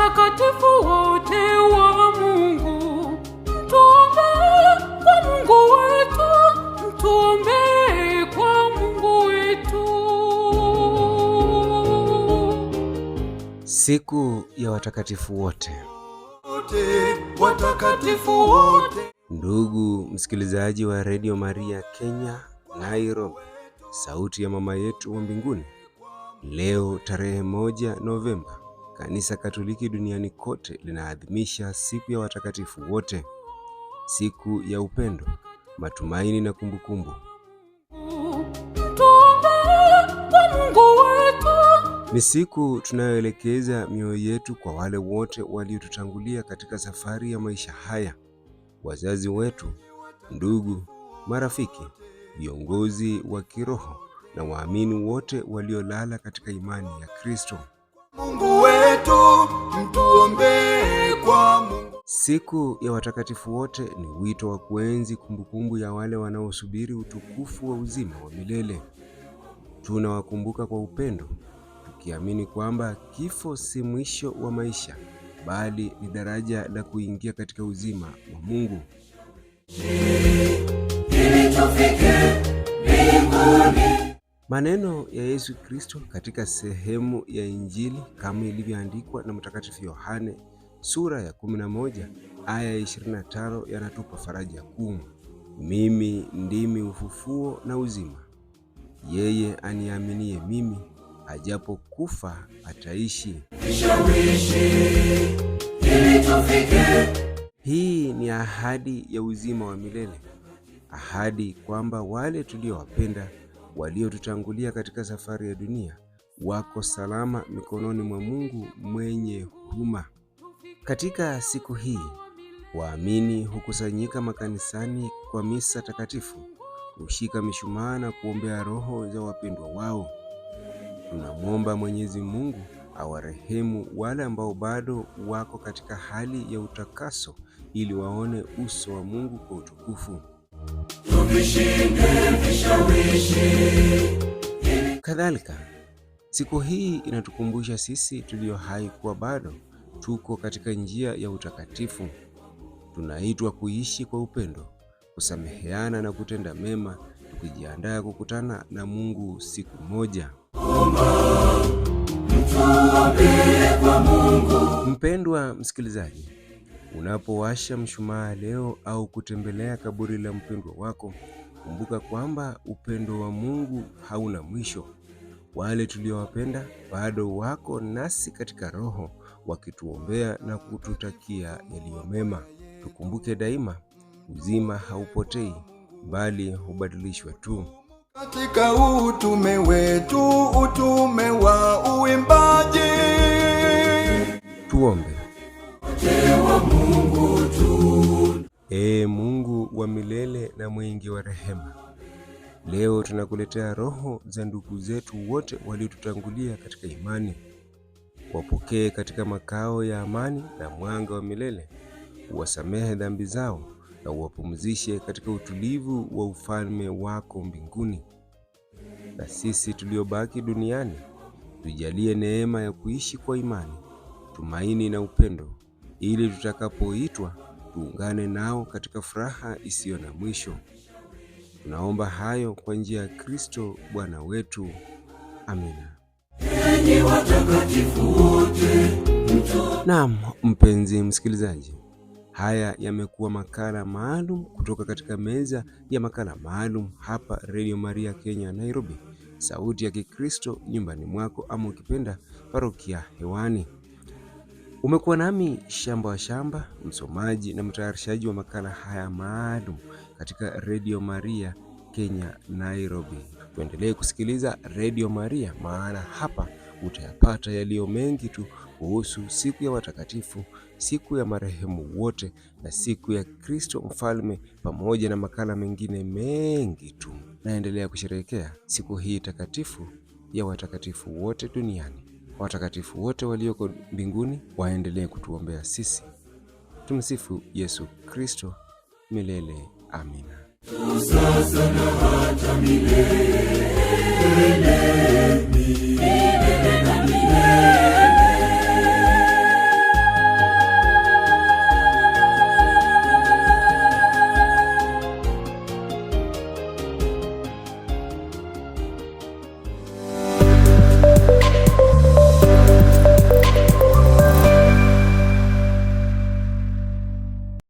watakatifu wote wa Mungu, mtuombe kwa Mungu wetu, mtuombe kwa Mungu wetu. Siku ya watakatifu wote, wote, watakatifu wote. Ndugu msikilizaji wa Radio Maria Kenya, Nairobi, sauti ya mama yetu wa mbinguni, leo tarehe moja Novemba Kanisa Katoliki duniani kote linaadhimisha siku ya watakatifu wote, siku ya upendo, matumaini na kumbukumbu. Ni siku tunayoelekeza mioyo yetu kwa wale wote waliotutangulia katika safari ya maisha haya: wazazi wetu, ndugu, marafiki, viongozi wa kiroho na waamini wote waliolala katika imani ya Kristo. Mungu yetu, mtuombee kwa Mungu. Siku ya watakatifu wote ni wito wa kuenzi kumbukumbu ya wale wanaosubiri utukufu wa uzima wa milele. Tunawakumbuka kwa upendo, tukiamini kwamba kifo si mwisho wa maisha, bali ni daraja la kuingia katika uzima wa Mungu. Ili tufike Maneno ya Yesu Kristo katika sehemu ya Injili kama ilivyoandikwa na Mtakatifu Yohane sura ya 11 aya ya 25 yanatupa faraja kuu: mimi ndimi ufufuo na uzima, yeye aniaminie mimi ajapokufa ataishi. Hii ni ahadi ya uzima wa milele, ahadi kwamba wale tuliowapenda waliotutangulia katika safari ya dunia wako salama mikononi mwa Mungu mwenye huruma. Katika siku hii waamini hukusanyika makanisani kwa misa takatifu, hushika mishumaa na kuombea roho za wapendwa wao. Tunamwomba Mwenyezi Mungu awarehemu wale ambao bado wako katika hali ya utakaso ili waone uso wa Mungu kwa utukufu. Tuvishinde vishawishi. Kadhalika, siku hii inatukumbusha sisi tulio hai kuwa bado tuko katika njia ya utakatifu. Tunaitwa kuishi kwa upendo, kusameheana na kutenda mema, tukijiandaa kukutana na Mungu siku moja. Mpendwa msikilizaji Unapowasha mshumaa leo au kutembelea kaburi la mpendwa wako, kumbuka kwamba upendo wa Mungu hauna mwisho. Wale tuliowapenda bado wako nasi katika roho, wakituombea na kututakia yaliyo mema. Tukumbuke daima, uzima haupotei bali hubadilishwa tu. Katika utume wetu, utume wa uimbaji, tuombe wote wa Mungu tu. Ee Mungu wa milele na mwingi wa rehema, leo tunakuletea roho za ndugu zetu wote waliotutangulia katika imani. Wapokee katika makao ya amani na mwanga wa milele, uwasamehe dhambi zao na uwapumzishe katika utulivu wa ufalme wako mbinguni. Na sisi tuliobaki duniani tujalie neema ya kuishi kwa imani, tumaini na upendo ili tutakapoitwa tuungane nao katika furaha isiyo na mwisho. Tunaomba hayo kwa njia ya Kristo Bwana wetu. Amina. Naam, mpenzi msikilizaji, haya yamekuwa makala maalum kutoka katika meza ya makala maalum hapa Radio Maria Kenya Nairobi, sauti ya Kikristo nyumbani mwako, ama ukipenda parokia hewani. Umekuwa nami Shamba wa Shamba, msomaji na mtayarishaji wa makala haya maalum katika Redio Maria Kenya, Nairobi. Tuendelee kusikiliza Redio Maria, maana hapa utayapata yaliyo mengi tu kuhusu siku ya watakatifu, siku ya marehemu wote na siku ya Kristo Mfalme, pamoja na makala mengine mengi tu. Naendelea kusherehekea siku hii takatifu ya watakatifu wote duniani watakatifu wote walioko mbinguni waendelee kutuombea sisi. Tumsifu Yesu Kristo milele. Amina. Sasa na hata milele, milele, milele, milele.